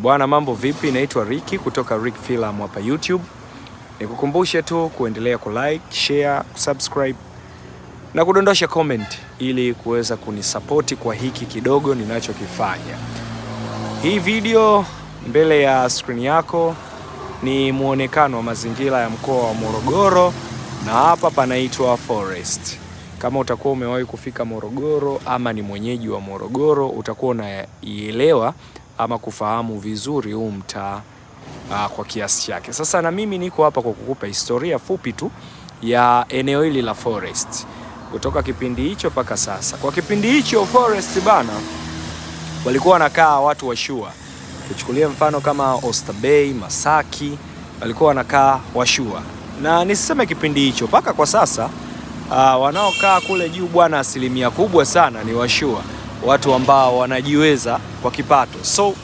Bwana, mambo vipi? Naitwa Ricky kutoka Rick Film hapa YouTube. Nikukumbushe tu kuendelea like, share, kusubscribe na kudondosha comment ili kuweza kunisapoti kwa hiki kidogo ninachokifanya. Hii video mbele ya skrini yako ni muonekano wa mazingira ya mkoa wa Morogoro na hapa panaitwa Forest. Kama utakuwa umewahi kufika Morogoro ama ni mwenyeji wa Morogoro utakuwa unaielewa ama kufahamu vizuri huu mtaa ah, kwa kiasi chake. Sasa na mimi niko hapa kwa kukupa historia fupi tu ya eneo hili la Forest kutoka kipindi hicho mpaka sasa. Kwa kipindi hicho Forest bana, walikuwa wanakaa watu washua, tuchukulie mfano kama Bay, Masaki, walikuwa wanakaa washua, na nisiseme kipindi hicho mpaka kwa sasa, uh, wanaokaa kule juu bwana, asilimia kubwa sana ni washua watu ambao wanajiweza kwa kipato. So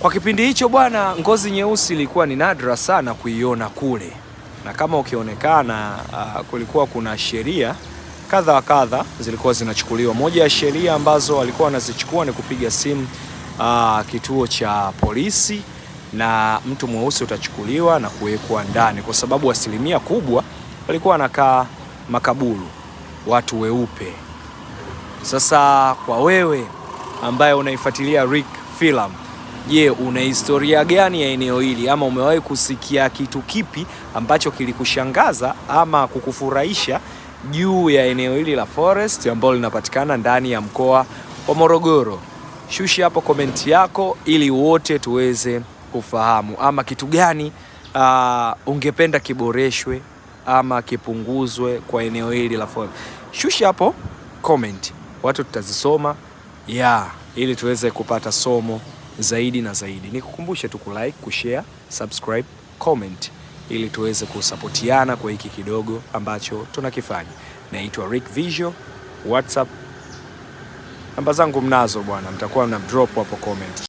kwa kipindi hicho bwana, ngozi nyeusi ilikuwa ni nadra sana kuiona kule, na kama ukionekana, uh, kulikuwa kuna sheria kadha wa kadha zilikuwa zinachukuliwa. Moja ya sheria ambazo walikuwa wanazichukua ni kupiga simu uh, kituo cha polisi na mtu mweusi utachukuliwa na kuwekwa ndani, kwa sababu asilimia kubwa walikuwa wanakaa makaburu watu weupe. Sasa kwa wewe ambaye unaifuatilia Rick Film, je, una historia gani ya eneo hili ama umewahi kusikia kitu kipi ambacho kilikushangaza ama kukufurahisha juu ya eneo hili la Forest ambalo linapatikana ndani ya mkoa wa Morogoro? Shushi hapo komenti yako ili wote tuweze kufahamu, ama kitu gani uh, ungependa kiboreshwe ama kipunguzwe kwa eneo hili la Forest. Shushi hapo komenti watu tutazisoma yeah, ili tuweze kupata somo zaidi na zaidi. Nikukumbushe tu kulike, kushare, subscribe, comment ili tuweze kusapotiana kwa hiki kidogo ambacho tunakifanya. Naitwa Rick Visual, WhatsApp namba zangu mnazo bwana, mtakuwa mna drop hapo comment.